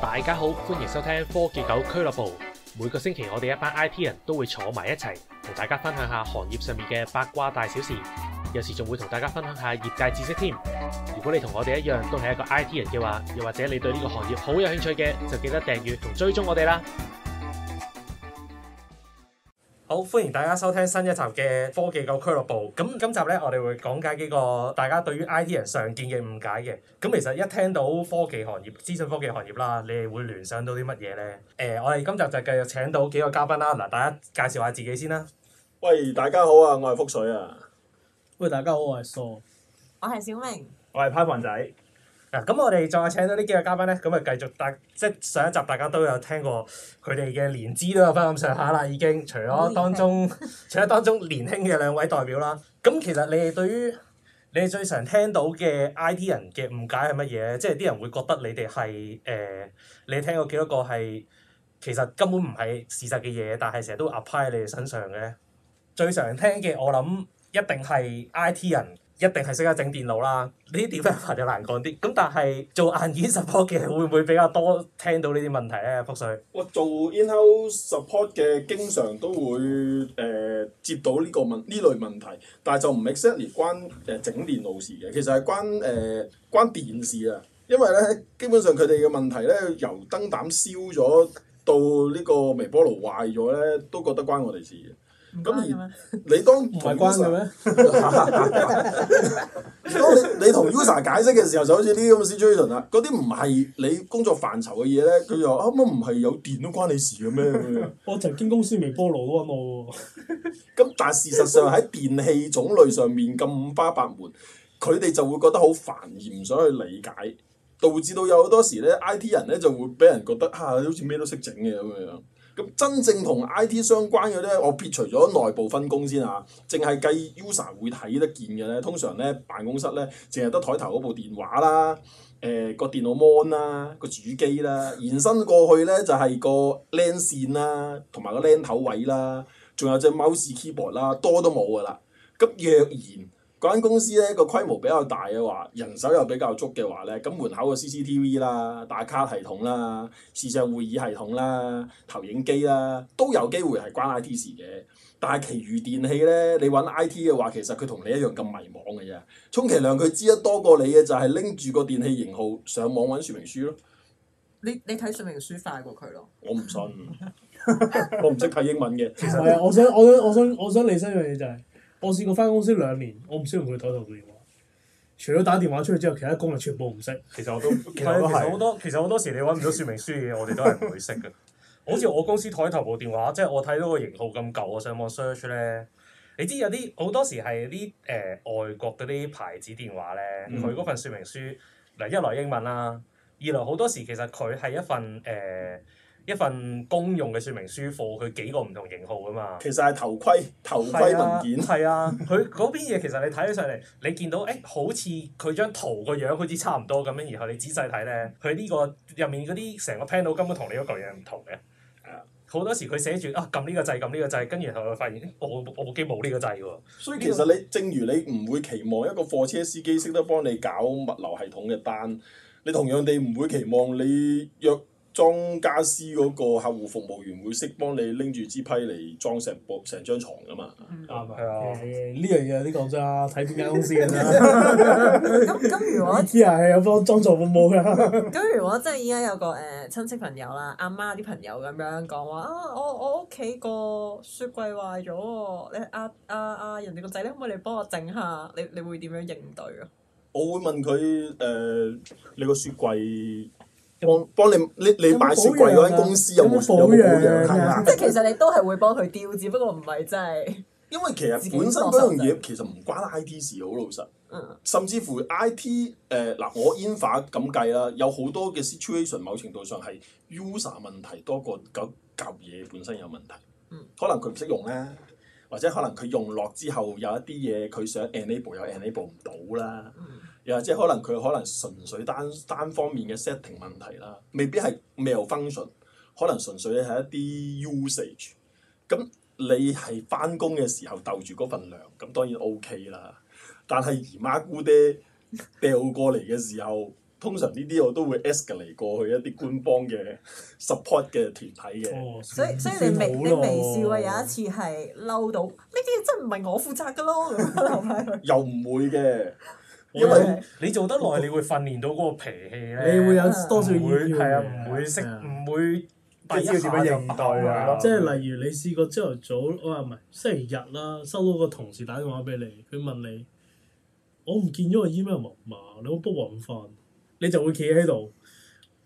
大家好，歡迎收聽科技狗俱樂部。每個星期我哋一班 IT 人都會坐埋一齊，同大家分享下行業上面嘅八卦大小事，有時仲會同大家分享下業界知識添。如果你同我哋一樣都係一個 IT 人嘅話，又或者你對呢個行業好有興趣嘅，就記得訂閱同追蹤我哋啦。好，歡迎大家收聽新一集嘅科技狗俱樂部。咁今集呢，我哋會講解幾個大家對於 IT 人常見嘅誤解嘅。咁其實一聽到科技行業、資訊科技行業啦，你哋會聯想到啲乜嘢呢？誒、呃，我哋今集就繼續請到幾個嘉賓啦。嗱，大家介紹下自己先啦。喂，大家好啊，我係福水啊。喂，大家好，我係蘇。我係小明。我係派凡仔。嗱，咁、嗯、我哋再請到呢幾個嘉賓咧，咁啊繼續大，即係上一集大家都有聽過佢哋嘅年資都有返咁上下啦，已經。除咗當中，除咗當中年輕嘅兩位代表啦，咁其實你哋對於你哋最常聽到嘅 I T 人嘅誤解係乜嘢？即係啲人會覺得你哋係誒，你聽過幾多個係其實根本唔係事實嘅嘢，但係成日都 apply 喺你哋身上嘅咧？最常聽嘅，我諗一定係 I T 人。一定係識得整電腦啦，呢啲 department 就難講啲。咁但係做硬件 support 嘅會唔會比較多聽到呢啲問題咧？福瑞，我做 in-house support 嘅，經常都會誒、呃、接到呢、這個問呢類問題，但係就唔 exactly 關誒整電腦事嘅，其實係關誒、呃、關電事啊。因為咧，基本上佢哋嘅問題咧，由燈膽燒咗到呢個微波爐壞咗咧，都覺得關我哋事。咁而你當唔係關嘅咩？當你你同 user 解釋嘅時候，就好似啲咁嘅 situation 啦。嗰啲唔係你工作範疇嘅嘢咧，佢又啱啱唔係有電都關你事嘅咩咁樣。我曾經公司微波爐啊揾我。咁但係事實上喺電器種類上面咁五花八門，佢哋就會覺得好煩而唔想去理解，導致到有好多時咧 IT 人咧就會俾人覺得嚇好似咩都識整嘅咁樣。咁真正同 IT 相關嘅呢，我撇除咗內部分工先啊，淨係計 user 會睇得見嘅呢。通常呢，辦公室呢，淨係得枱頭嗰部電話啦，誒、呃、個電腦 mon 啦，個主機啦，延伸過去呢，就係、是、個 link 線啦，同埋個 link 頭位啦，仲有隻 mouse keyboard 啦，多都冇噶啦。咁若然嗰間公司咧個規模比較大嘅話，人手又比較足嘅話咧，咁門口嘅 CCTV 啦、打卡系統啦、視像會議系統啦、投影機啦，都有機會係關 IT 事嘅。但係其餘電器咧，你揾 IT 嘅話，其實佢同你一樣咁迷惘嘅啫。充其量佢知得多過你嘅就係拎住個電器型號上網揾說明書咯。你你睇說明書快過佢咯？我唔信， 我唔識睇英文嘅。係啊 其實，我想我，我想我想我想你出樣嘢就係、是。我試過翻公司兩年，我唔識用佢台頭部電話，除咗打電話出去之後，其他功能全部唔識。其實我都 其實都係 其實好多其實好多時你揾唔到説明書嘅，我哋都係唔會識㗎。 好似我公司台頭部電話，即係我睇到個型號咁舊，我上網 search 咧，你知有啲好多時係啲誒外國嗰啲牌子電話咧，佢嗰、嗯、份説明書，嗱一來英文啦，二來好多時其實佢係一份誒。呃一份公用嘅說明書貨，佢幾個唔同型號㗎嘛？其實係頭盔，頭盔文件。係啊，佢嗰、啊、邊嘢其實你睇起上嚟， 你見到誒、欸、好似佢張圖個樣好似差唔多咁樣，然後你仔細睇咧，佢呢、這個入面嗰啲成個 panel 根本你個同你嗰句嘢唔同嘅。好多時佢寫住啊，撳呢個掣，撳呢個掣，跟住然後又發現，我我部機冇呢個掣喎。所以、這個、其實你正如你唔會期望一個貨車司機識得幫你搞物流系統嘅單，你同樣地唔會期望你約裝家私嗰個客戶服務員會識幫你拎住支批嚟裝成部成張床㗎嘛？啱啊！啊，呢樣嘢呢，講真啊，睇邊間公司㗎啦。咁咁，如果係有幫裝裝做服務嘅，咁如果即係依家有個誒親戚朋友啦，阿媽啲朋友咁樣講話啊，我我屋企個雪櫃壞咗喎，你阿阿阿人哋個仔咧可唔可以幫我整下？你你會點樣應對啊？2 我會問佢誒、呃，你個雪櫃？我幫你你你買雪櫃嗰間公司有冇有冇保養？即係其實你都係會幫佢調，只不過唔係真係。因為其實本身嗰樣嘢其實唔關 I T 事，好老實。嗯。甚至乎 I T 誒、呃、嗱，我 infer 咁計啦，有好多嘅 situation，某程度上係 user 問題多過嗰嚿嘢本身有問題。嗯、可能佢唔識用啦，或者可能佢用落之後有一啲嘢佢想 enable 又 enable 唔到啦。嗯即係可能佢可能純粹單單方面嘅 setting 問題啦，未必係 malfunction，i 可能純粹係一啲 usage。咁、嗯、你係翻工嘅時候竇住嗰份糧，咁、嗯、當然 O、OK、K 啦。但係姨媽姑爹掉過嚟嘅時候， 通常呢啲我都會 escalate 嚟過去一啲官方嘅 support 嘅團體嘅、哦。所以所以你微微笑啊，有一次係嬲到呢啲嘢真唔係我負責㗎咯， 又唔會嘅。因為你做得耐，你會訓練到嗰個脾氣咧。你會有多少意調會？係啊，唔會識，唔麼會、啊、即係點樣應對咯。即係例如你試過朝頭早，我唔係星期日啦，收到個同事打電話俾你，佢問你：我唔見咗個 email 密碼，你都不 o o 翻，你就會企喺度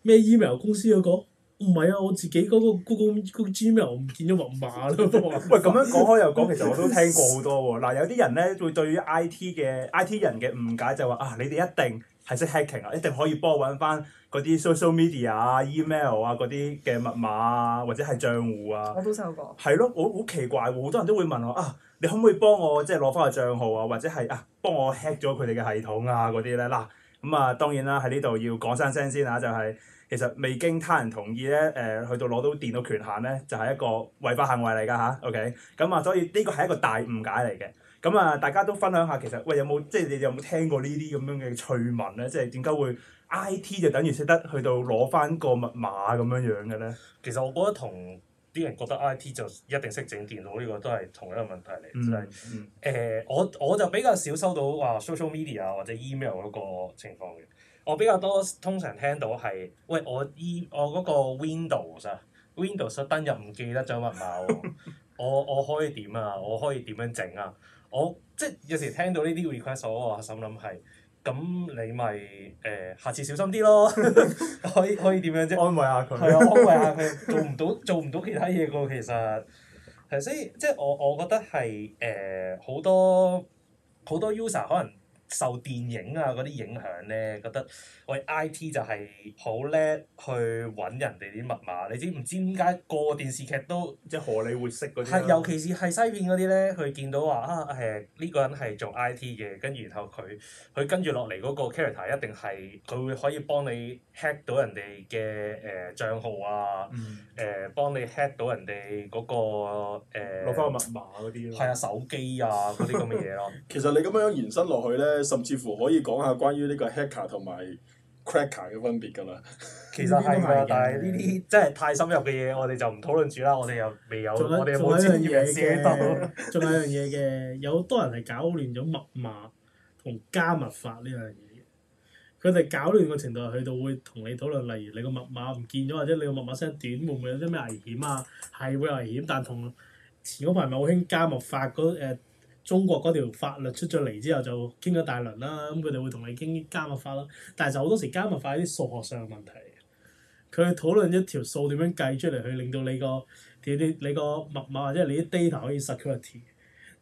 咩 email 公司嗰、那個？唔係啊！我自己嗰個 Google Gmail，我唔見咗密碼咯。喂、哦，咁 樣講開又講，其實我都聽過好多喎。嗱，有啲人咧會對於 I T 嘅 I T 人嘅誤解就係話啊，你哋一定係識 hacking 啊，一定可以幫我揾翻嗰啲 social media 啊、email 啊嗰啲嘅密碼、啊、或者係賬戶啊。我都收過。係咯，好好奇怪喎！好多人都會問我啊，你可唔可以幫我即係攞翻個賬號啊，或者係啊幫我 hack 咗佢哋嘅系統啊嗰啲咧？嗱，咁啊、嗯、當然啦，喺呢度要講聲，聲聲先啊，就係、是。其實未經他人同意咧，誒、呃、去到攞到電腦權限咧，就係、是、一個違法行為嚟㗎吓。OK，咁、嗯、啊，所以呢個係一個大誤解嚟嘅。咁、嗯、啊，大家都分享下，其實喂有冇即係你有冇聽過這這呢啲咁樣嘅趣聞咧？即係點解會 IT 就等於識得去到攞翻個密碼咁樣樣嘅咧？其實我覺得同啲人覺得 IT 就一定識整電腦呢、這個都係同一個問題嚟，就係、是、誒、嗯嗯呃、我我就比較少收到話 social media 或者 email 嗰個情況嘅。我比較多通常聽到係，喂我依、e, 我嗰個 Windows 啊，Windows 登入唔記得咗密碼喎， 我我可以點啊？我可以點樣整啊？我即係有時聽到呢啲 request，我心諗係，咁你咪誒、呃、下次小心啲咯 可，可以可以點樣啫、啊？安慰下佢。係 啊，安慰下佢，做唔到做唔到其他嘢噶，其實係，所以即係我我覺得係誒好多好多 user 可能。受電影啊嗰啲影響咧，覺得喂 I.T 就係好叻去揾人哋啲密碼。你知唔知點解個電視劇都即係荷里活式嗰啲、啊？係，尤其是係西片嗰啲咧，佢見到話啊誒呢、這個人係做 I.T 嘅，跟住然後佢佢跟住落嚟嗰個 character 一定係佢會可以幫你 hack 到人哋嘅誒帳號啊，誒、嗯呃、幫你 hack 到人哋嗰、那個誒攞翻個密碼嗰啲咯。係啊，手機啊嗰啲咁嘅嘢咯。那些那些 其實你咁樣樣延伸落去咧。甚至乎可以講下關於呢個 hacker 同埋 cracker 嘅分別㗎啦。其實係啊，但係呢啲真係太深入嘅嘢，我哋就唔討論住啦。我哋又未有。做緊做緊一樣嘢嘅。做緊一樣嘢嘅。 有好多人係搞亂咗密碼同加密法呢樣嘢。佢哋搞亂個程度去到會同你討論，例如你個密碼唔見咗，或者你個密碼聲短，會唔會有啲咩危險啊？係會有危險，但同前嗰排咪好興加密法嗰中國嗰條法律出咗嚟之後就傾咗大輪啦，咁佢哋會同你傾加密法啦，但係就好多時加密法係啲數學上嘅問題，佢討論一條數點樣計出嚟去令到你個條條你個密碼或者你啲 data 可以 security，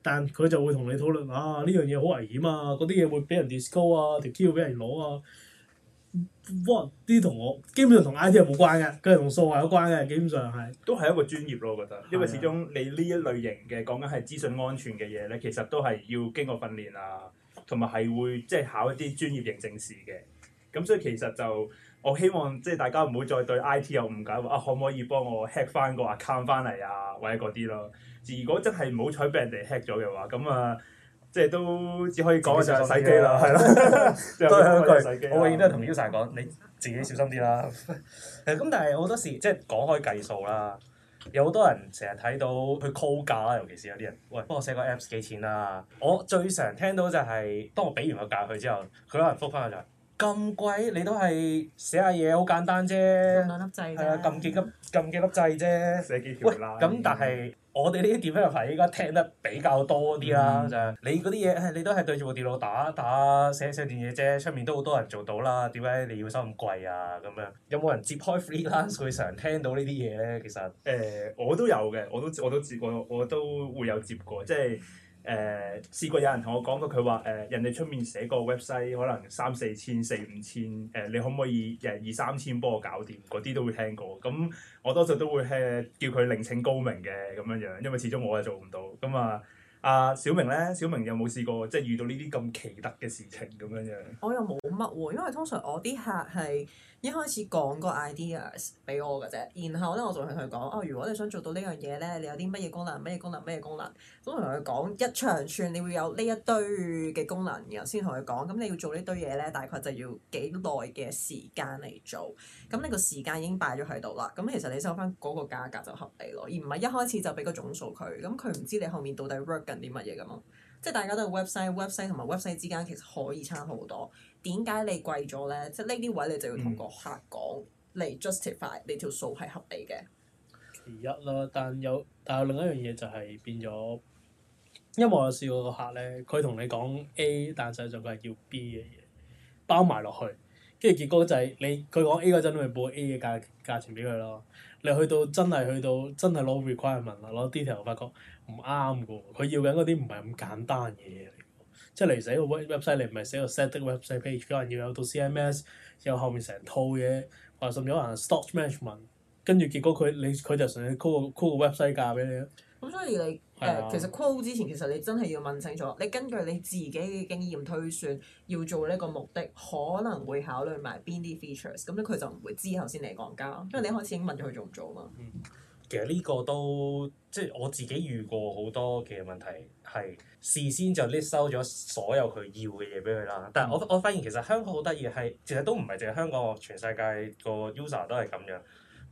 但佢就會同你討論，啊呢樣嘢好危險啊，嗰啲嘢會俾人 disclose 啊，條 key 會俾人攞啊。w h a 啲，同我基本上同 I T 係冇關嘅，佢係同數學有關嘅，基本上係都係一個專業咯，我覺得因為始終你呢一類型嘅講緊係資訊安全嘅嘢咧，其實都係要經過訓練啊，同埋係會即係考一啲專業認證試嘅。咁所以其實就我希望即係大家唔好再對 I T 有誤解，話啊可唔可以幫我 hack 翻個 account 翻嚟啊，或者嗰啲咯。如果真係唔好彩俾人哋 hack 咗嘅話，咁啊～即係都只可以講嘅時候洗機啦，係咯，都係香港。我永遠都係同 U 先生講，你自己小心啲啦。誒，咁但係好多時即係講開計數啦，有好多人成日睇到佢高價啦，尤其是有啲人，喂，幫我寫個 Apps 幾錢啦、啊。我最常聽到就係、是、當我俾完個價佢之後，佢可能復翻佢就咁貴，你都係寫下嘢好簡單啫，兩粒撳幾粒撳幾粒掣啫。寫幾條啦。咁但係。我哋呢啲點樣入便依家聽得比較多啲啦，就係、嗯、你嗰啲嘢，你都係對住部電腦打打寫寫啲嘢啫，出面都好多人做到啦。點解你要收咁貴啊？咁樣有冇人接開 freelance？佢常聽到呢啲嘢咧，其實誒、呃、我都有嘅，我都我都接，我都我都會有接過，即係。誒試過有人同我講過，佢話誒人哋出面寫個 website 可能三四千、四五千誒、呃，你可唔可以誒二三千幫我搞掂？嗰啲都會聽過，咁、嗯、我多數都會聽、呃、叫佢另請高明嘅咁樣樣，因為始終我係做唔到咁、嗯、啊。阿、uh, 小明咧，小明有冇試過即係遇到呢啲咁奇特嘅事情咁樣樣？我又冇乜喎，因為通常我啲客係一開始講個 ideas 俾我嘅啫，然後咧我就同佢講，哦，如果你想做到呢樣嘢咧，你有啲乜嘢功能、乜嘢功能、乜嘢功能，咁同佢講一長串，你會有呢一堆嘅功能然後，先同佢講，咁你要做呢堆嘢咧，大概就要幾耐嘅時間嚟做，咁你個時間已經擺咗喺度啦，咁其實你收翻嗰個價格就合理咯，而唔係一開始就俾個總數佢，咁佢唔知你後面到底 work 啲乜嘢咁咯？即係大家都係 website，website 同埋 website 之間其實可以差好多。點解你貴咗咧？即係呢啲位你就要同個客講，嚟、嗯、justify 你條數係合理嘅。其一啦，但有但係另一樣嘢就係變咗。因為我有試過個客咧，佢同你講 A，但係實際上佢係叫 B 嘅嘢包埋落去，跟住結果就係你佢講 A 嗰陣，你報 A 嘅價價錢俾佢咯。你去到真係去到真係攞 requirement 啦，攞 detail 發覺。唔啱㗎，佢要緊嗰啲唔係咁簡單嘅嘢嚟，即係例如寫個 web site 你唔係寫個 static web site page，可能要有到 CMS，有後面成套嘢，或甚至可能 stock management，跟住結果佢你佢就純粹 call 個 call 個 web site 價俾你咯。咁所以你誒、啊呃，其實 call 之前其實你真係要問清楚，你根據你自己嘅經驗推算要做呢個目的可能會考慮埋邊啲 features，咁咧佢就唔會之後先嚟講價，因為你開始已經問咗佢做唔做啊嘛。嗯其實呢個都即係我自己遇過好多嘅問題，係事先就 list 收咗所有佢要嘅嘢俾佢啦。但係我我發現其實香港好得意係，其實都唔係淨係香港，全世界個 user 都係咁樣。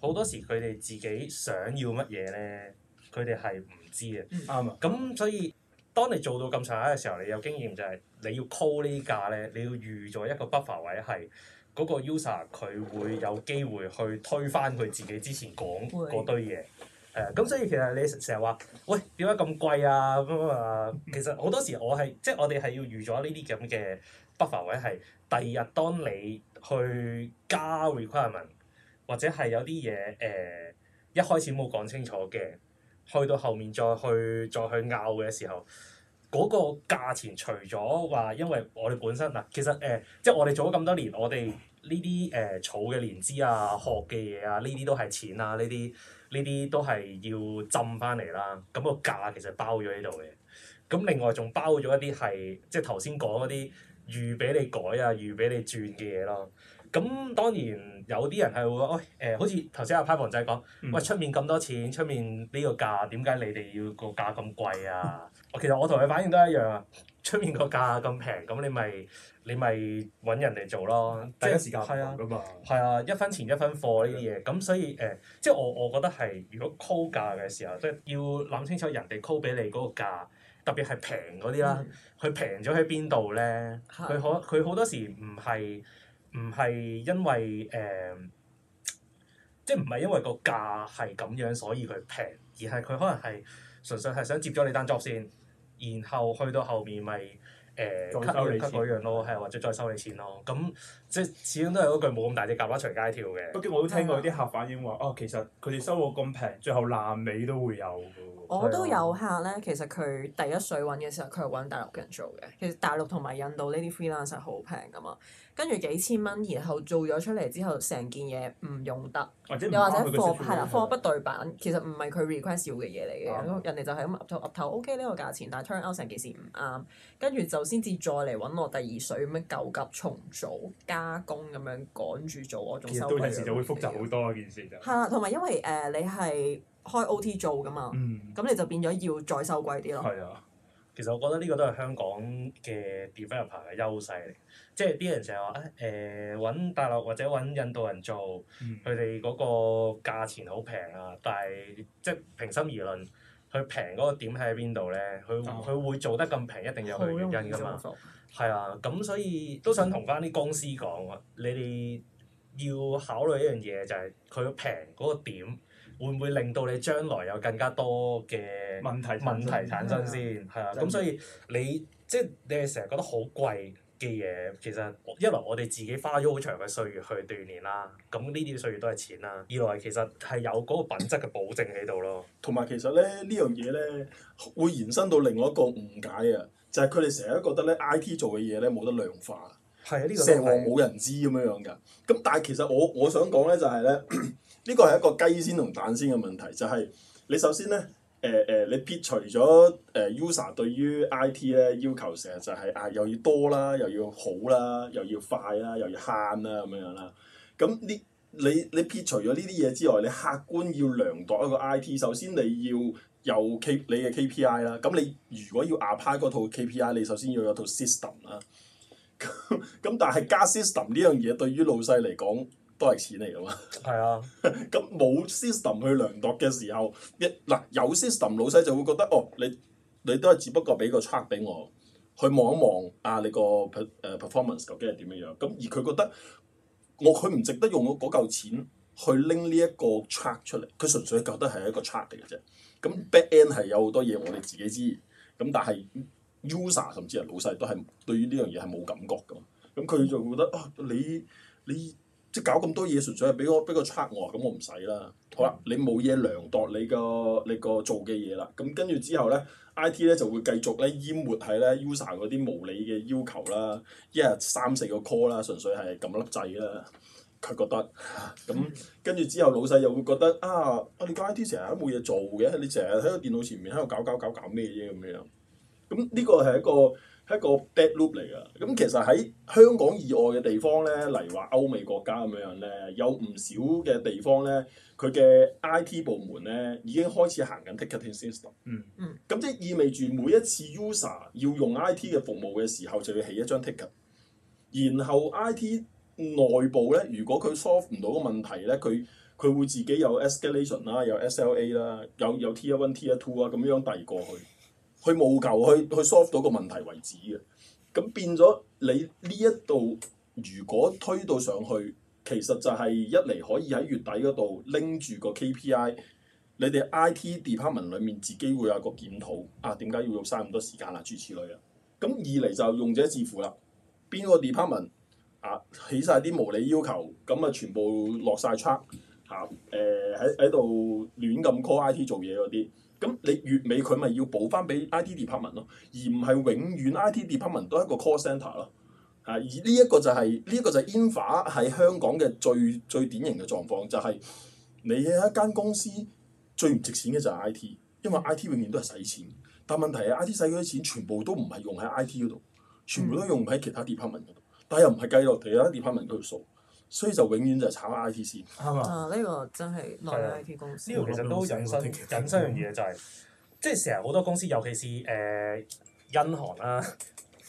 好多時佢哋自己想要乜嘢呢，佢哋係唔知嘅。啱啊、嗯。咁所以當你做到咁上下嘅時候，你有經驗就係、是、你要 call 呢啲價呢，你要預咗一個 buffer、er、位係。嗰個 user 佢會有機會去推翻佢自己之前講嗰堆嘢，誒咁、 uh, 所以其實你成日話，喂點解咁貴啊咁啊？其實好多時我係即係我哋係要預咗呢啲咁嘅 buffer 位，係第二日當你去加 requirement 或者係有啲嘢誒，一開始冇講清楚嘅，去到後面再去再去拗嘅時候。嗰個價錢除咗話，因為我哋本身嗱，其實誒、呃，即係我哋做咗咁多年，我哋呢啲誒儲嘅年資啊、學嘅嘢啊，呢啲都係錢啊，呢啲呢啲都係要浸翻嚟啦。咁、那個價其實包咗喺度嘅。咁另外仲包咗一啲係，即係頭先講嗰啲預俾你改啊、預俾你轉嘅嘢咯。咁當然有啲人係會，誒、哎，好似頭先阿派房仔講，嗯、喂，出面咁多錢，出面呢個價點解你哋要個價咁貴啊？我 其實我同你反應都一樣啊，出面個價咁平，咁你咪你咪揾人嚟做咯，是第一時間唔同係啊，一分錢一分貨呢啲嘢，咁所以誒、呃，即係我我覺得係，如果溝價嘅時候，即係要諗清楚人哋溝俾你嗰個價，特別係平嗰啲啦，佢平咗喺邊度呢？佢可佢好多時唔係。唔係因為誒、呃，即係唔係因為個價係咁樣，所以佢平，而係佢可能係純粹係想接咗你單 job 先，然後去到後面咪誒 cut 你 cut 嗰樣咯，係或者再收你錢咯，咁、嗯。即係始終都係嗰句冇咁大隻蛤乸隨街跳嘅。畢竟我都聽過啲客反映話，的哦，其實佢哋收我咁平，最後爛尾都會有嘅。我都有客咧，的其實佢第一水揾嘅時候，佢係揾大陸嘅人做嘅。其實大陸同埋印度呢啲 freelancer 好平㗎嘛。跟住幾千蚊，然後做咗出嚟之後，成件嘢唔用得，又或者貨係啦貨不對版。Uh huh. 其實唔係佢 request 要嘅嘢嚟嘅，uh huh. 人哋就係咁噏頭噏頭，OK 呢個價錢，但係 turn out 成件事唔啱，跟住就先至再嚟揾我第二水咁樣救急重組。加工咁樣趕住做，我仲收貴啲。時就會複雜好多件事就係啦，同埋、 嗯、因為誒你係開 OT 做㗎嘛，咁、嗯、你就變咗要再收貴啲咯。係啊，其實我覺得呢個都係香港嘅 developer 嘅優勢嚟，即係啲人成日話誒揾大陸或者揾印度人做，佢哋嗰個價錢好平啊，但係即係平心而論，佢平嗰個點喺邊度咧？佢佢、哦、會做得咁平，一定有佢原因㗎嘛。嗯對係啊，咁所以都想同返啲公司講啊，你哋要考慮一樣嘢，就係佢平嗰個點會唔會令到你將來有更加多嘅問題問題產生先？係啊，咁所以你即係、就是、你哋成日覺得好貴嘅嘢，其實一來我哋自己花咗好長嘅歲月去鍛鍊啦，咁呢啲歲月都係錢啦；二來其實係有嗰個品質嘅保證喺度咯。同埋其實咧呢樣嘢咧會延伸到另外一個誤解啊！就係佢哋成日都覺得咧，I T 做嘅嘢咧冇得量化，呢成日冇人知咁樣樣噶。咁但係其實我我想講咧就係、是、咧，呢個係一個雞先同蛋先嘅問題。就係、是、你首先咧，誒、呃、誒、呃，你撇除咗誒 user 對於 I T 咧要求、就是，成日就係啊又要多啦，又要好啦，又要快啦，又要慳啦咁樣啦。咁你你你撇除咗呢啲嘢之外，你客觀要量度一個 I T，首先你要。有你 K 你嘅 KPI 啦，咁你如果要 upgrade 嗰套 KPI，你首先要有套 system 啦。咁 但係加 system 呢樣嘢對於老細嚟講都係錢嚟㗎嘛。係啊，咁冇 system 去量度嘅時候，一嗱有 system 老細就會覺得哦，你你都係只不過俾個 track 俾我去望一望啊，你個誒 performance 究竟係點樣樣咁？而佢覺得我佢唔值得用嗰嚿錢去拎呢一個 track 出嚟，佢純粹覺得係一個 track 嚟嘅啫。咁 back end 係有好多嘢我哋自己知，咁但係 user 甚至係老細都係對於呢樣嘢係冇感覺噶，咁佢就會覺得啊你你即係、就是、搞咁多嘢純粹係俾個俾個 check 我，咁我唔使啦，好啦，你冇嘢量度你，你個你個做嘅嘢啦，咁跟住之後咧 IT 咧就會繼續咧淹沒喺咧 user 嗰啲無理嘅要求啦，一日三四個 call 啦，純粹係撳粒掣啦。佢覺得咁跟住之後，老細又會覺得啊，我哋個 I T 成日都冇嘢做嘅，你成日喺個電腦前面喺度搞搞搞搞咩啫咁樣。咁呢個係一個一個 bad loop 嚟嘅。咁其實喺香港以外嘅地方咧，例如話歐美國家咁樣咧，有唔少嘅地方咧，佢嘅 I T 部門咧已經開始行緊 ticketing system 嗯。嗯嗯。咁即意味住每一次 user 要用 I T 嘅服務嘅時候，就要起一張 ticket，然後 I T。內部咧，如果佢 solve 唔到個問題咧，佢佢會自己有 escalation 啦，有 SLA 啦，有有 Tier One、Tier Two 啊，咁樣遞過去，佢務求去去 solve 到個問題為止嘅。咁變咗你呢一度，如果推到上去，其實就係一嚟可以喺月底嗰度拎住個 KPI，你哋 IT department 裏面自己會有個檢討啊，點解要用曬咁多時間啊諸如此類啊。咁二嚟就用者自負啦，邊個 department？啊！起晒啲無理要求，咁啊全部落晒 check 嚇，誒喺喺度亂咁 call IT 做嘢嗰啲，咁你月尾佢咪要補翻俾 IT department 咯，而唔係永遠 IT department 都係一個 call center 咯、啊，嚇！而呢一個就係呢一個就係 infra 喺香港嘅最最典型嘅狀況，就係、是、你喺一間公司最唔值錢嘅就係 IT，因為 IT 永遠都係使錢，但問題係 IT 使嗰啲錢全部都唔係用喺 IT 嗰度，全部都用喺其他 department 嗰度。嗯但又唔係計落地啦，連批文都要數，所以就永遠就係炒 I T 先。係嘛、啊？呢、這個真係內地 I T 公司。的個其實都好隱身，隱身樣嘢就係、是，嗯、即係成日好多公司，尤其是誒，銀、呃、行啦、啊，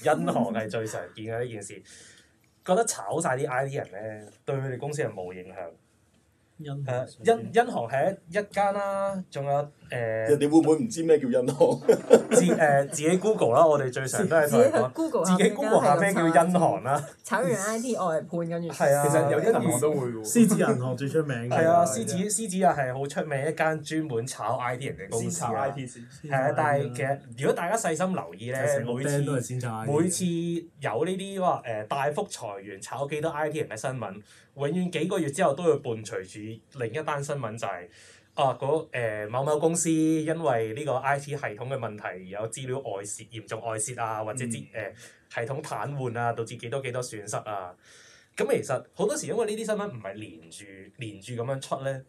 銀行係最常見嘅一件事。嗯、覺得炒晒啲 I T 人咧，對佢哋公司係冇影響。銀銀銀行係、嗯、一間啦，仲、啊、有。誒人哋會唔會唔知咩叫銀行？自誒自己 Google 啦，我哋最常都係睇 Google。自己 Google 下咩叫銀行啦？炒完 I T 外判跟住，係啊，其實有啲銀行都會嘅喎。獅子銀行最出名嘅。係啊，獅子獅子又係好出名一間專門炒 I T 人嘅公司。炒 I T 先。係啊，但係其實如果大家細心留意咧，每次有呢啲話誒大幅裁員炒幾多 I T 人嘅新聞，永遠幾個月之後都會伴隨住另一單新聞就係。啊，嗰某某公司因為呢個 I T 系統嘅問題，有資料外泄，嚴重外泄啊，或者啲誒、嗯呃、系統癱瘓啊，導致幾多幾多損失啊。咁其實好多時因為呢啲新聞唔係連住連住咁樣出咧，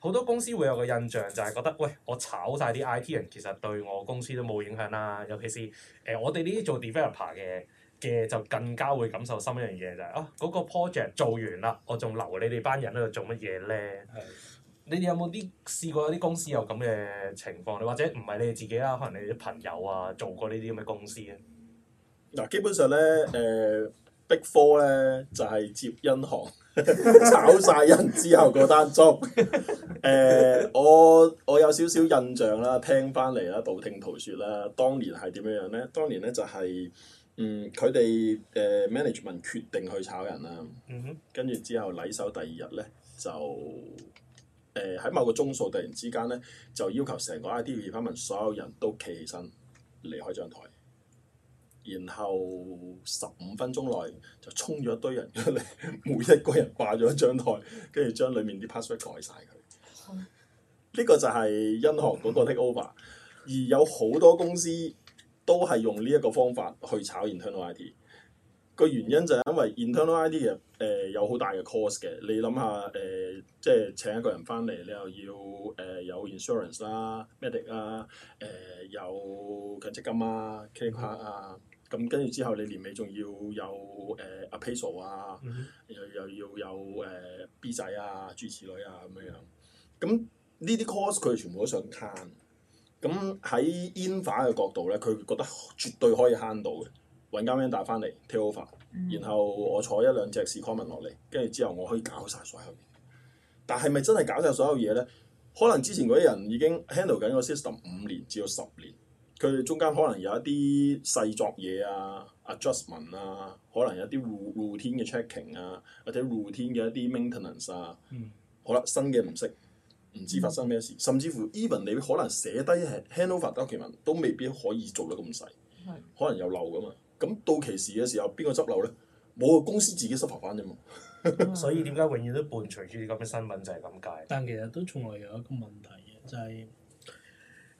好多公司會有個印象就係覺得，喂，我炒晒啲 I T 人，其實對我公司都冇影響啦、啊。尤其是誒、呃、我哋呢啲做 developer 嘅嘅就更加會感受深，一樣嘢就係、是，啊，嗰、那個 project 做完啦，我仲留你哋班人喺度做乜嘢咧？你哋有冇啲試過有啲公司有咁嘅情況？你或者唔係你哋自己啦，可能你哋啲朋友啊做過呢啲咁嘅公司咧。嗱，基本上咧，誒、 uh,，Big Four 咧就係、是、接銀行 炒晒人之後嗰單足。我我有少少印象啦，聽翻嚟啦，道聽途説啦。當年係點樣樣咧？當年咧就係、是、嗯佢哋誒 management 決定去炒人啦。跟住、mm hmm. 之後，禮首第二日咧就。誒喺某個鐘數突然之間咧，就要求成個 I T department 所有人都企起身離開張台，然後十五分鐘內就衝咗一堆人出嚟，每一個人掛咗一張台，跟住將裡面啲 password 改晒。佢、嗯。呢個就係因學嗰個 take over，而有好多公司都係用呢一個方法去炒 internal I T。個原因就係因為 internal ID 嘅、呃、誒有好大嘅 cost 嘅，你諗下誒，即係請一個人翻嚟，你又要誒、呃、有 insurance 啦、啊、medical 啦、啊呃、有強積金啊、car 啊，咁跟住之後你年尾仲要有誒 upset、呃、啊，mm hmm. 又又要有誒、呃、B 仔啊、諸如此類啊咁樣樣，咁呢啲 cost 佢全部都想慳。咁喺 i n f 嘅角度咧，佢覺得絕對可以慳到嘅。搵啱嘢打翻嚟，take over。Mm hmm. 然後我坐一兩隻試 confirm 落嚟，跟住之後我可以搞晒所有嘢。但係咪真係搞晒所有嘢咧？可能之前嗰啲人已經 handle 緊個 system 五年至到十年，佢哋中間可能有一啲細作嘢啊，adjustment 啊，可能有一啲 routine 嘅 checking 啊，或者 routine 嘅一啲 maintenance 啊，mm hmm. 好啦，新嘅唔識，唔知發生咩事，mm hmm. 甚至乎 even 你可能寫低 handover document 都未必可以做得咁細，mm hmm. 可能有漏噶嘛。咁到期時嘅時候，邊個執漏咧？冇啊！公司自己執罰翻啫嘛。所以點解永遠都伴隨住啲咁嘅新聞就係咁解？但其實都從來有一個問題嘅，就係、是、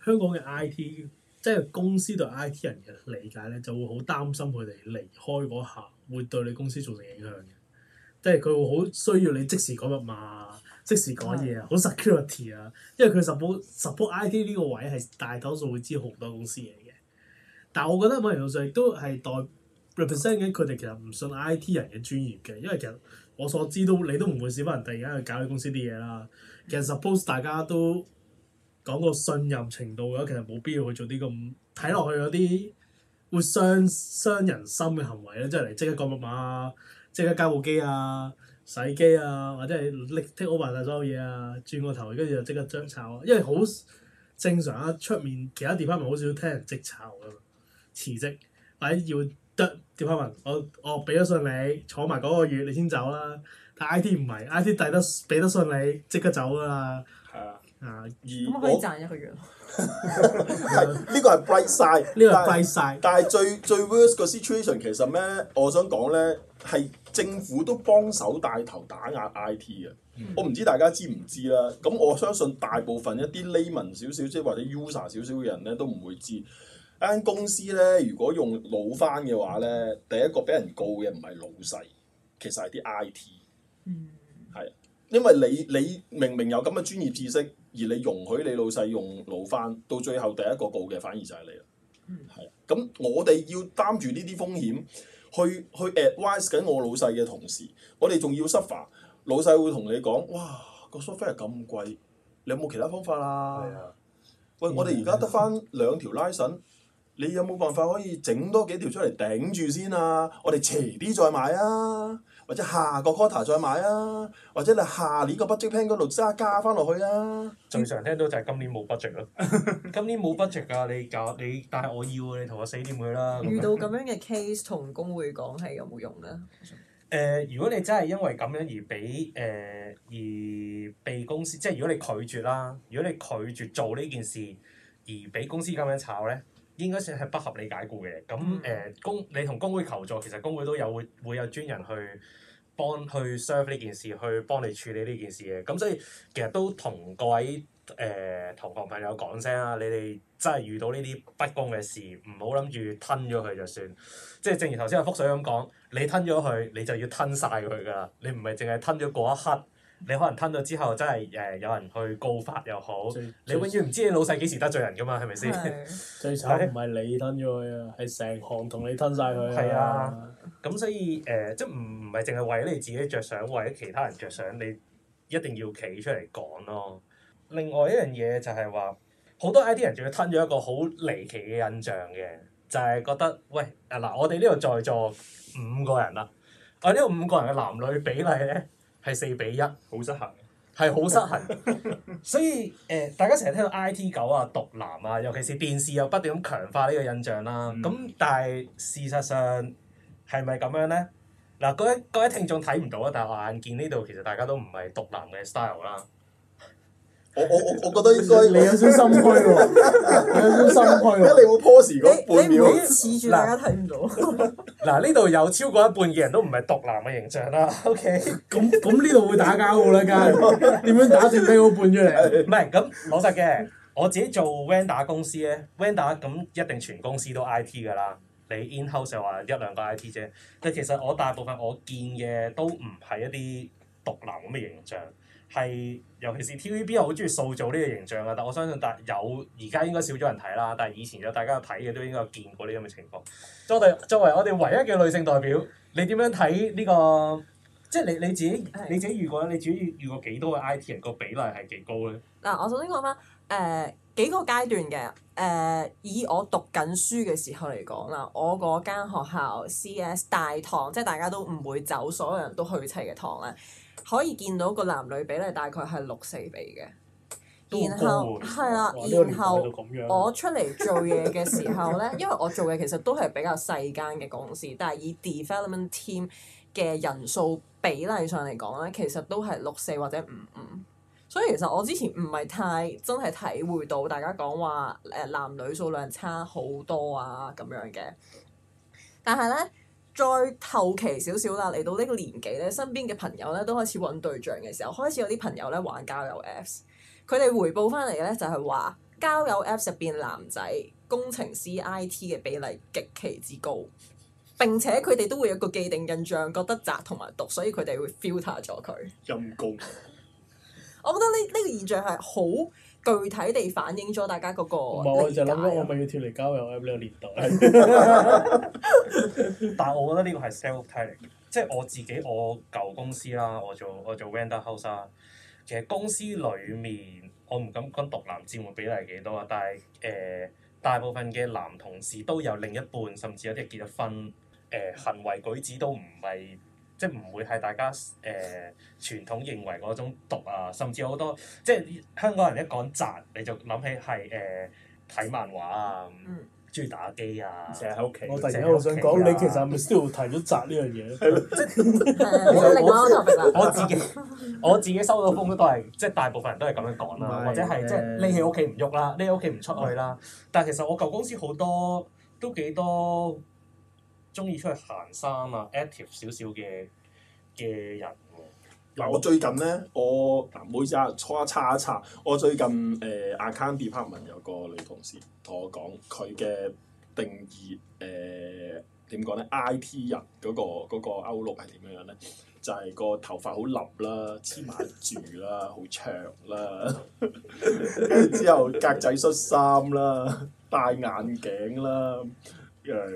香港嘅 I T，即係公司對 I T 人嘅理解咧，就會好擔心佢哋離開嗰下，會對你公司造成影響嘅。即係佢會好需要你即時改密碼、即時講嘢啊，好 security 啊。因為佢 supp support support I T 呢個位係大多數會知好多公司嘢嘅。但係，我覺得某程度上亦都係代 represent 緊佢哋，其實唔信 IT 人嘅專業嘅，因為其實我所知都你都唔會少翻人第二間去搞你公司啲嘢啦。其實 suppose 大家都講個信任程度嘅話，其實冇必要做去做啲咁睇落去嗰啲會傷傷人心嘅行為咧，即係嚟即刻講密碼啊，即刻交部機啊、洗機啊，或者係拎 take over 晒所有嘢啊，轉個頭跟住就即刻張炒，因為好正常啊。出面其他地方咪好少聽人即炒㗎嘛。辭職或者要得點解問我？我俾咗信你，坐埋嗰個月你先走啦。但 I T 唔係 I T，遞得俾得信你即刻走噶啦。係的啊，而我咁可以賺一個月 但。係呢個係虧晒，呢個係虧晒。但係最最 worse 個 situation 其實咩？我想講咧，係政府都幫手帶頭打壓 I T 啊。嗯、我唔知大家知唔知啦。咁我相信大部分一啲 layman 少，少少，即係或者 user 少少嘅人咧，都唔會知。間公司咧，如果用老翻嘅話咧，第一個俾人告嘅唔係老細，其實係啲 IT，係，因為你你明明有咁嘅專業知識，而你容許你老細用老翻，到最後第一個告嘅反而就係你啦。係、嗯，咁、嗯、我哋要擔住呢啲風險，去去 advise 緊我老細嘅同時，我哋仲要 suffer，老細會同你講，哇，個 software 係咁貴，你有冇其他方法啊？嗯、喂，我哋而家得翻兩條拉繩。你有冇辦法可以整多幾條出嚟頂住先啊？我哋遲啲再買啊，或者下個 quarter 再買啊，或者你下年個 budget plan 嗰度加加翻落去啊。最常聽到就係今年冇 budget 咯。 今年冇 budget 噶，你搞，你但係我要你同我死點佢啦。遇到咁樣嘅 case，同 工會講係有冇用啊？誒、呃，如果你真係因為咁樣而俾誒、呃、而被公司，即係如果你拒絕啦，如果你拒絕做呢件事而俾公司咁樣炒咧？應該算係不合理解雇嘅，咁誒、呃、工你同工會求助，其實工會都有會會有專人去幫去 serve 呢件事，去幫你處理呢件事嘅，咁所以其實都同各位誒同行朋友講聲啊，你哋真係遇到呢啲不公嘅事，唔好諗住吞咗佢就算，即係正如頭先阿福水咁講，你吞咗佢，你就要吞晒佢㗎，你唔係淨係吞咗嗰一刻。你可能吞咗之後，真係誒有人去告發又好，最你永遠唔知你老細幾時得罪人㗎嘛，係咪先？ 最慘唔係你吞咗佢啊，係成行同你吞晒佢啊！係啊，咁所以誒，即係唔唔係淨係為咗你自己着想，為咗其他人着想，你一定要企出嚟講咯。另外一樣嘢就係話，好多 IT 人仲要吞咗一個好離奇嘅印象嘅，就係、是、覺得喂，啊嗱，我哋呢度在座五個人啦，我呢度五個人嘅男女比例咧。係四比一，好失衡，係好失衡。所以誒、呃，大家成日聽到 I T 狗啊、毒男啊，尤其是電視又不斷咁強化呢個印象啦、啊。咁、嗯、但係事實上係咪咁樣呢？嗱、啊，各位各位聽眾睇唔到啊，嗯、但係我眼見呢度其實大家都唔係毒男嘅 style 啦。我我我我覺得應該，你有少心虛喎， 你有少心虛喎。點解你會 pose 個半秒？你住大家睇唔到。嗱啦，呢度 有超過一半嘅人都唔係獨男嘅形象啦。OK，咁咁呢度會打交嘅啦，梗係。點 樣打斷呢個半出嚟？唔係， 咁老實嘅。我自己做 vendor 公司咧 vendor 咁一定全公司都 IT 㗎啦。你 inhouse 就話一兩個 IT 啫。但其實我大部分我見嘅都唔係一啲獨男咁嘅形象。係，尤其是 TVB 又好中意塑造呢個形象啊！但我相信，但有而家應該少咗人睇啦。但係以前有大家睇嘅都應該有見過呢咁嘅情況。作為作為我哋唯一嘅女性代表，你點樣睇呢個？即係你你自己你自己遇過，你自己遇過幾多個 IT 人？個比例係幾高呢？嗱，我首先講翻誒幾個階段嘅誒、呃，以我讀緊書嘅時候嚟講啦，我嗰間學校 CS 大堂，即係大家都唔會走，所有人都去齊嘅堂啦。可以見到個男女比例大概係六四比嘅，然後係啦，然後我出嚟做嘢嘅時候呢， 因為我做嘅其實都係比較細間嘅公司，但係以 development team 嘅人數比例上嚟講呢，其實都係六四或者五五，所以其實我之前唔係太真係體會到大家講話誒、呃、男女數量差好多啊咁樣嘅，但係呢。再後期少少啦，嚟到呢個年紀咧，身邊嘅朋友咧都開始揾對象嘅時候，開始有啲朋友咧玩交友 Apps，佢哋回報翻嚟嘅咧就係話，交友 Apps 入邊男仔工程師、IT 嘅比例極其之高，並且佢哋都會有個既定印象，覺得宅同埋毒，所以佢哋會 filter 咗佢。陰功，我覺得呢呢個現象係好。具體地反映咗大家嗰個唔係，我就諗我咪要跳離交友呢 個年代。但係我覺得呢個係 self-ironic，即係我自己，我舊公司啦，我做我做 render house 啦。其實公司裡面，我唔敢講獨男佔滿比例係幾多啊。但係誒、呃，大部分嘅男同事都有另一半，甚至有啲結咗婚。誒、呃，行為舉止都唔係。即係唔會係大家誒、呃、傳統認為嗰種毒啊，甚至好多即係香港人一講宅，你就諗起係誒睇漫畫啊，中意、嗯、打機啊，成日喺屋企。我突然間我想講，你其實係咪 still 提咗宅呢樣嘢？ 即係我自己我自己收到風都係即係大部分人都係咁樣講啦， 或者係即係匿喺屋企唔喐啦，匿喺屋企唔出去啦。但係其實我舊公司好多都幾多。中意出去行山啊，active 少少嘅嘅人喎。嗱，我最近咧，我、呃、嗱，唔好意思啊，叉一叉一叉。我最近誒 account department 有個女同事同我講佢嘅定義誒點講咧，IT 人嗰、那個嗰、那個 outlook 係點樣樣咧？就係、是、個頭髮好笠啦，黐埋住啦，好長啦， 之後格仔恤衫啦，戴眼鏡啦。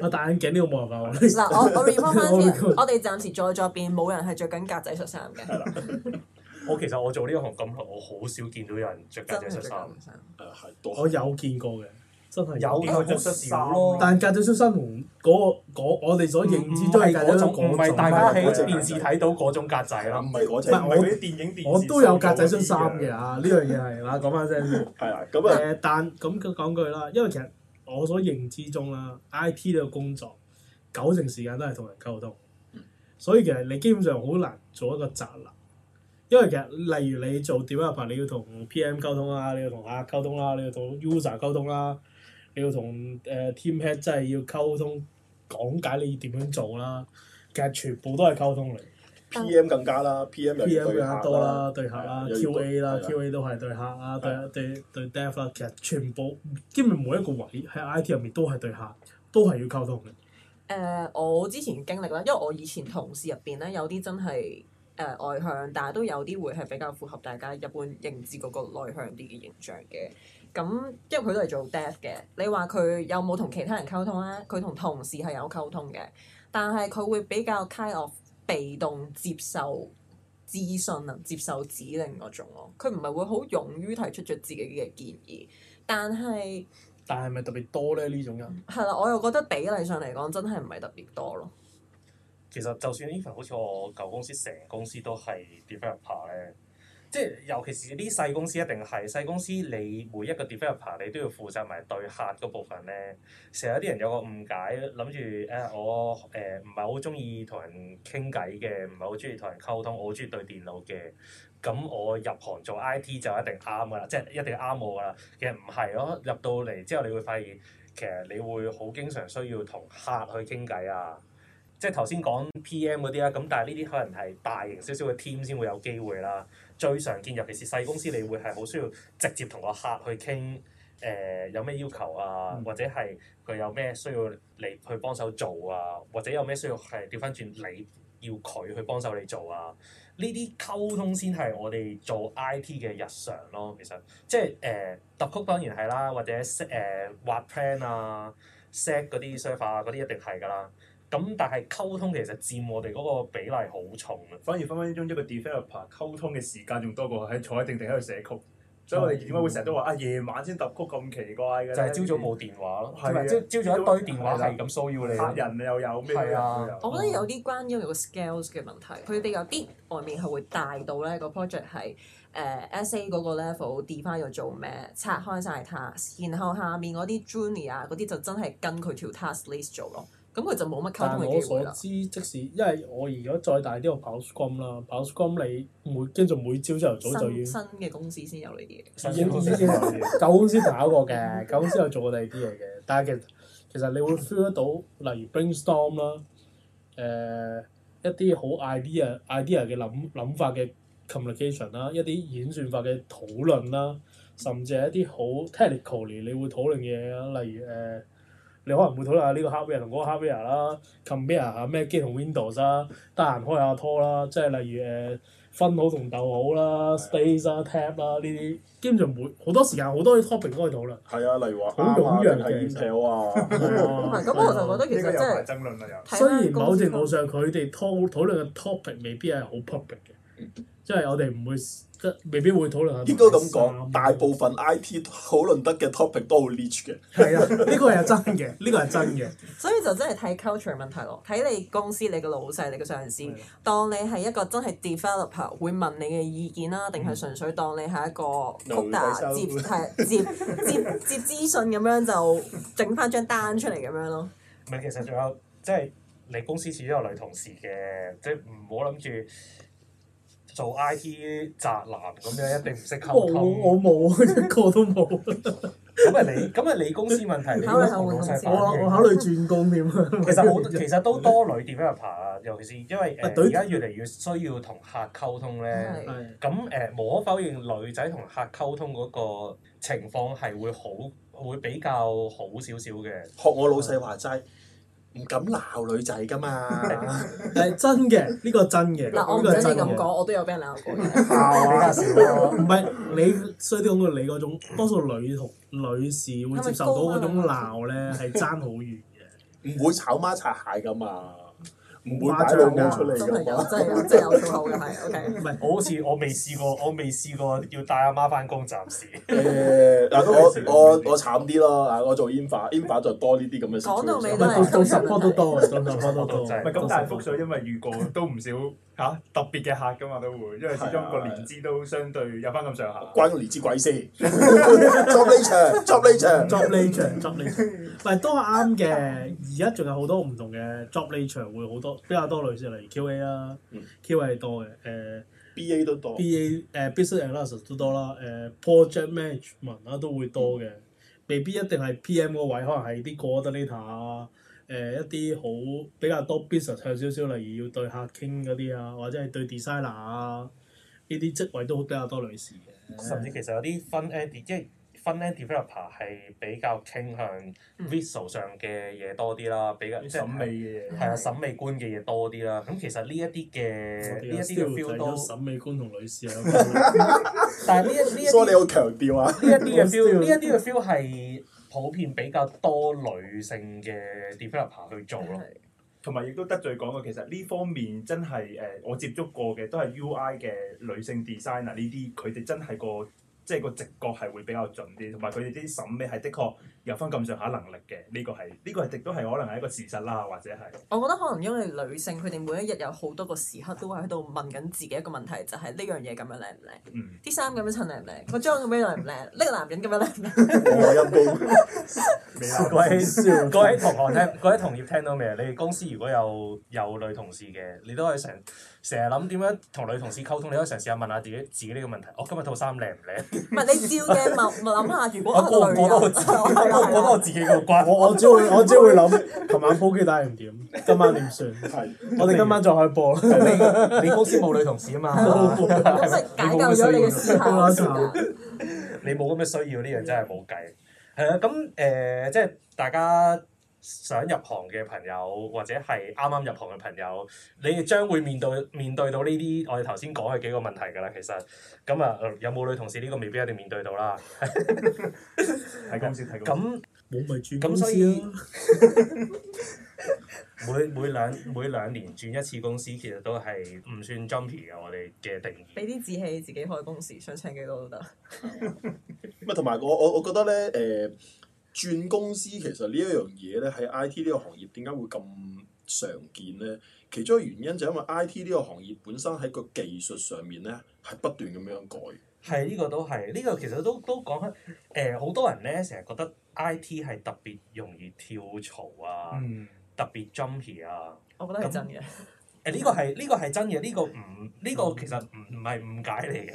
我戴眼鏡呢個冇辦法。嗱，我我 report 翻先，我哋暫時再在邊冇人係着緊格仔恤衫嘅。我其實我做呢行咁耐，我好少見到有人着格仔恤衫。誒係。我有見過嘅，真係有有失。但格仔恤衫同嗰個我哋所認知都係嗰種，唔係大家喺電視睇到嗰種格仔啦。唔係嗰種。唔係電影電視。我都有格仔恤衫嘅啊，呢樣嘢係啦，講翻聲先。係啊，咁啊。誒，但咁佢講句啦，因為其實。我所認知中啦，I T 呢個工作九成時間都係同人溝通，嗯、所以其實你基本上好難做一個宅男，因為其實例如你做 developer，你要同 P M 溝通啦，你要同阿溝通啦，你要同 user 溝通啦，你要同誒 team head 真係要溝通講解你要點樣做啦，其實全部都係溝通嚟。P.M. 更加啦，P.M. 更加多啦，對客啦，Q.A. 啦，Q.A. 都係對客啦，對對的對，對，對，對，Dev 啦，其實全部基本每一個位喺 I.T. 入面都係對客，都係要溝通嘅。誒、呃，我之前經歷啦，因為我以前同事入邊咧，有啲真係誒外向，但係都有啲會係比較符合大家一般認知嗰個內向啲嘅形象嘅。咁因為佢都係做 Dev 嘅，你話佢有冇同其他人溝通啊？佢同同事係有溝通嘅，但係佢會比較開哦。被動接受資訊啊，接受指令嗰種咯，佢唔係會好勇於提出咗自己嘅建議，但係但係咪特別多咧呢種人？係啦、嗯，我又覺得比例上嚟講真係唔係特別多咯。其實就算呢份好似我舊公司成公司都係 developer 咧。即係尤其是啲細公司一定係細公司，你每一個 developer 你都要負責埋對客嗰部分咧。成日有啲人有個誤解，諗住誒我誒唔係好中意同人傾偈嘅，唔係好中意同人溝通，我好中意對電腦嘅。咁我入行做 IT 就一定啱㗎啦，即係一定啱我㗎啦。其實唔係囉，我入到嚟之後，你會發現其實你會好經常需要同客去傾偈啊。即係頭先講 P.M. 嗰啲啦，咁但係呢啲可能係大型少少嘅 team 先會有機會啦。最常見尤其是細公司，你會係好需要直接同個客去傾誒、呃、有咩要求啊，或者係佢有咩需要你去幫手做啊，或者有咩需要係調翻轉你要佢去幫手你做啊。呢啲溝通先係我哋做 I.T. 嘅日常咯。其實即係誒，特、呃、曲當然係啦，或者誒畫、呃、plan 啊、set 嗰啲 server 嗰啲一定係㗎啦。咁但係溝通其實佔我哋嗰個比例好重啊！反而分分鐘一個 developer 溝通嘅時間仲多過喺坐喺定定喺度寫曲，嗯、所以我哋點解會成日都話啊夜晚先揼曲咁奇怪嘅？就係朝早冇電話咯，係咪？朝朝早一堆電話係咁騷擾你、啊，客人你又有咩、啊、又有我覺得有啲關於個 scales 嘅問題，佢哋有啲外面係會大到咧個 project 係誒 SA 嗰個 level define 咗做咩拆開晒 task，然後下面嗰啲 junior 嗰啲就真係跟佢條 task list 做咯。咁佢就冇乜溝通嘅我所知，即使因為我而家再大啲，個跑 scrum 啦，跑 scrum 你每跟住每朝朝頭早就要新嘅公司先有呢啲嘢。新公司先有 舊公司跑過嘅，舊 公司有做過第二啲嘢嘅。但係其實其實你會 feel 得到，例如 brainstorm 啦、呃，誒一啲好 idea idea 嘅諗諗法嘅 communication 啦，一啲 ide 演算法嘅討論啦，甚至係一啲好 technical 嚟，你會討論嘢啦，例如誒。呃你可能會討論下呢個 hardware 同嗰個 hardware 啦，compare 下 Mac 機同 Windows 啦，得閒開下拖啦，即係例如誒分號同逗號啦，space 啦，tab 啦呢啲，基本上每好多時間好多啲 topic 都可以討論。係啊，例如話好永揚嘅。唔係，咁我就覺得其實即係，雖然某程度上佢哋討討論嘅 topic 未必係好 public 嘅。因為我哋唔會，未必會討論下。應該咁講，嗯、大部分 IT 討論得嘅 topic 都好 leech 嘅。係啊，呢、呢個係真嘅，呢個係真嘅。 所以就真係睇 culture 問題咯，睇你公司你嘅老細、你嘅上司，的當你係一個真係 developer 會問你嘅意見啦，定係純粹當你係一個 data 接接接接資訊咁樣就整翻張單出嚟咁樣咯。唔係，其實仲有，即、就、係、係、你公司始終有女同事嘅，即係唔好諗住。做 IT 宅男咁樣一定唔識溝通，我冇啊，一個都冇啊。咁啊 你，咁啊你公司問題，你 慮溝通先。我我考慮轉工點 其實好我， 其實都多女 department 啊，尤其是因為誒而家越嚟越需要同客溝通咧。係的。咁誒，無可否認，女仔同客溝通嗰個情況係會好，會比較好少少嘅。學我老細話齋。唔敢鬧女仔噶嘛，係 真嘅，呢個真嘅，呢個真嘅。嗱，我真咁講，我都有俾人鬧過嘅。鬧 啊！ 唔係你，所以啲講句你嗰種多數女同女士會接受到嗰種鬧咧，係爭好遠嘅。唔會炒孖茶蟹噶嘛。唔誇張㗎，都係有，真係真係有做好嘅，係，OK。唔係，我好似我未試過，我未試過要帶阿媽翻工，暫時。誒，嗱，我我我慘啲咯，啊，我做 infirm，infirm 就多呢啲咁嘅。講到尾都係辛苦。十科都多，十科都多。唔係咁大幅水，因為遇過都唔少。吓、啊、特別嘅客噶嘛都會因為始終個年資都相對有返咁上下關個年資鬼先 job 場 job 場 job 呢場 job 呢場 job 呢唔係都係啱嘅而家仲有好多唔同嘅 job 呢場會好多比較多類似例如 qa 啦 qa 係多嘅誒、呃、ba, 多 BA、uh, 都多 ba 誒 business analysis 都多啦誒 project management 啦都會多嘅、嗯、未必一定係 pm 個位可能係啲過得呢啊誒、呃、一啲好比較多 business 向少少，例如要對客傾嗰啲啊，或者係對 designer 啊，呢啲職位都比較多女士嘅。甚至其實有啲 front end 即係 front end developer 係比較傾向 visual 上嘅嘢多啲啦，嗯、比較審美嘅嘢。係啊的，的審美觀嘅嘢多啲啦。咁其實呢一啲嘅呢一啲嘅 feel 都審美觀同女士有。 但係呢一呢一， 一你好強調啊。呢一啲嘅 feel 呢一啲嘅 feel 係。普遍比較多女性嘅 developer 去做咯，同埋亦都得罪講過，其實呢方面真係誒，我接觸過嘅都係 UI 嘅女性 designer 呢啲，佢哋真係個即係、就是、個直覺係會比較準啲，同埋佢哋啲審美係的確，有翻咁上下能力嘅，呢個係呢個係亦都係可能係一個事實啦，或者係。我覺得可能因為女性佢哋每一日有好多個時刻都喺度問緊自己一個問題，就係呢樣嘢咁樣靚唔靚？啲衫咁樣襯靚唔靚？個妝咁樣靚唔靚？呢個男人咁樣靚唔靚？我有冇？各位各位同學聽，各位同業聽到未啊？你哋公司如果有有女同事嘅，你都可以成成日諗點樣同女同事溝通，你可以嘗試下問下自己自己呢個問題：我今日套衫靚唔靚？唔係你照鏡咪咪諗下，如果係女。我覺得我自己過關我、mm，hmm. 我我只會我只會諗，琴晚煲機打完點，今晚點算？係是，我哋今晚再開播。 」你公司冇女同事啊嘛？你冇解救咗你嘅師奶先。你冇咁嘅需要，你冇咁嘅需要，呢樣真係冇計。係啊，咁對誒，即、嗯、係大家。想入行嘅朋友，或者係啱啱入行嘅朋友，你亦將會面對面對到呢啲我哋頭先講嘅幾個問題㗎喇。其實咁啊，有冇女同事呢個未必一定面對到啦。咁咁，冇咪轉公司。每每兩每兩年轉一次公司，其實都係唔算 jumpy 嘅。我哋嘅定義。俾啲志氣自己開公司，想請幾多都得。同 埋我我我覺得咧，誒、呃。轉公司其實呢一樣嘢咧，喺 I T 呢個行業點解會咁常見咧？其中一個原因就因為 I T 呢個行業本身喺個技術上面咧，係不斷咁樣改。係呢個都係，呢個其實都都講緊誒，好、呃、多人咧成日覺得 I T 係特別容易跳槽啊，嗯、特別 jumpy 啊。我覺得係真嘅。那 誒呢個係呢、這個係真嘅，呢、這個唔呢、嗯這個其實唔唔係誤解嚟嘅，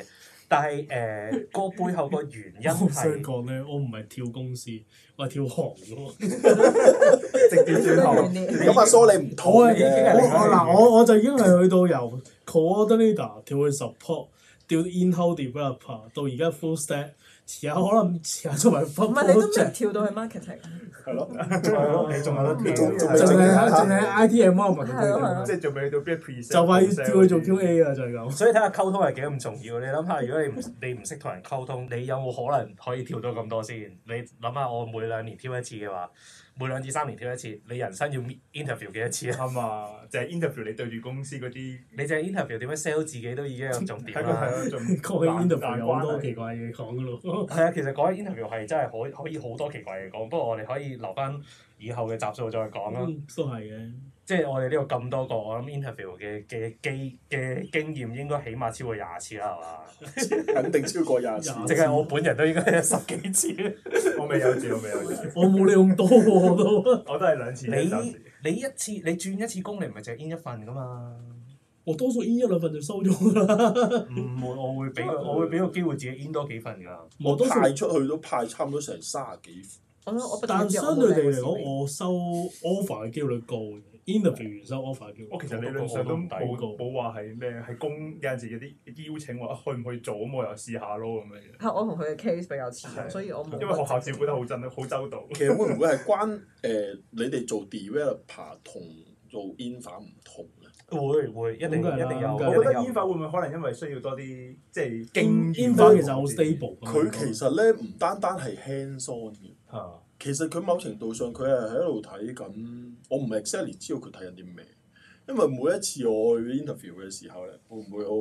但係誒個背後個原因係、就是、我想講咧，我唔係跳公司，我係跳行㗎 直接轉行。咁阿蘇你唔妥啊？我我嗱我我就已經係去到由 coordinator 跳去 support，調 in-house developer 到而家 full stack 有可能遲下做埋分組，乜你都唔跳到去 marketing。係咯， 你仲有得跳，仲係仲係 I.T. 嘅 moment，即係仲未去到 BP。就快要跳去做 QA 啦，就係咁。所以睇下溝通係幾咁重要。你諗下，如果你唔你唔識同人溝通，你有冇可能可以跳到咁多先？你諗下，我每兩年跳一次嘅話。每兩至三年跳一次，你人生要 interview 幾多次啊？係 嘛，就係 interview 你對住公司嗰啲。你淨係 interview 點樣 sell 自己都已經有重點啦。睇佢想 interview 關難？奇怪嘢講嘅咯。係啊，其實講緊 interview 係真係可可以好多奇怪嘢 講，不過我哋可以留翻以後嘅集數再講啦，嗯。都係嘅。即係我哋呢個咁多個，我諗 interview 嘅嘅嘅嘅經驗應該起碼超過廿次啦，係嘛？肯定超過廿次。淨係 我本人都應該有十幾次， 我未有住，我未有住。 我冇你咁多喎，都 我都係兩次。你，你一次你轉一次工，你唔係淨係 in 一份㗎嘛？我多數 in 一兩份就收咗啦。唔會，我會俾 我會俾個機會自己 in 多幾份㗎。我都派出去都派差唔多成三十幾。但相對地嚟講，我收 offer 嘅機會率高。Intern 原生 offer 叫，我 In 其實理兩上都冇冇話係咩，係公有陣時有啲邀請話去唔去做，咁我又試下咯咁樣。係我同佢嘅 case 比較似，的所以我因為學校照顧得好真啊，好的周到。其實會唔會係關誒你哋做 developer 同做 i n f 唔同咧？會會一定會一定有。我覺得 i n f 會唔會可能因為需要多啲即係經驗 i n f 其實好 stable，佢其實咧唔單單係輕鬆嘅。嚇！其實佢某程度上佢係喺度睇緊，我唔係 exactly 知道佢睇緊啲咩，因為每一次我去 interview 嘅時候咧，會唔會好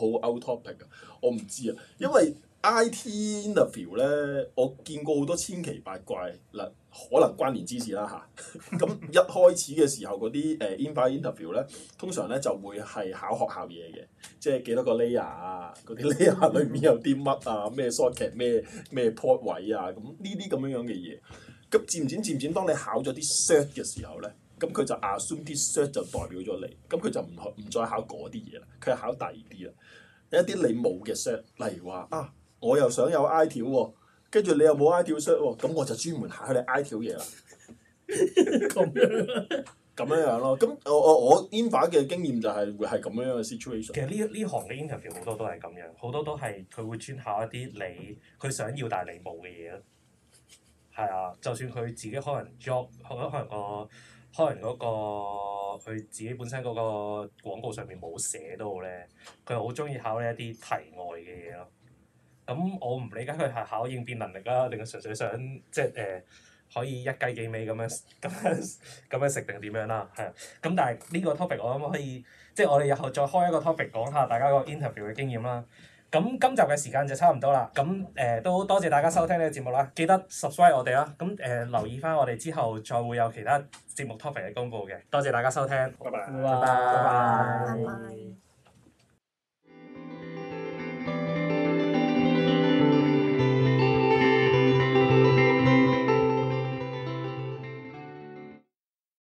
好 out topic 啊？我唔知啊，因為 IT interview 咧，我見過好多千奇百怪嗱。可能關聯知識啦嚇，咁 一開始嘅時候嗰啲誒 in interview 咧，通常咧就會係考學校嘢嘅，即係幾多個 layer, layer 啊，嗰啲 layer 裏面有啲乜啊，咩 short 劇咩咩 point 位啊，咁呢啲咁樣樣嘅嘢。咁漸漸漸漸，當你考咗啲 set 嘅時候咧，咁佢就 assume 啲 set 就代表咗你，咁佢就唔唔再考嗰啲嘢啦，佢係考第二啲啦，有一啲你冇嘅 set，例如話啊，我又想有 item 跟住你又冇 I 跳出喎，咁我就專門考你 I 跳嘢啦。咁 樣，咁樣樣咯。咁我我我 i n f 嘅經驗就係、係、會係咁樣嘅 situation。其實呢呢行嘅 interview 好多都係咁樣，好多都係佢會專考一啲你佢想要但係你冇嘅嘢咯。係啊，就算佢自己可能 job，可能可、嗰個，可能嗰、嗰個佢自己本身嗰個廣告上面冇寫都好咧，佢好中意考呢一啲題外嘅嘢咯。咁我唔理解佢係考應變能力啦，定係純粹想即係誒、呃、可以一雞幾味咁樣咁樣咁樣食定係點樣啦？係。咁但係呢個 topic 我諗可以，即係我哋日後再開一個 topic 講下大家個 interview 嘅經驗啦。咁今集嘅時間就差唔多啦。咁誒都多謝大家收聽呢個節目啦，記得 subscribe 我哋啦。咁、呃、誒留意翻我哋之後再會有其他節目 topic 嘅公佈嘅。多謝大家收聽。拜拜。拜拜。拜拜。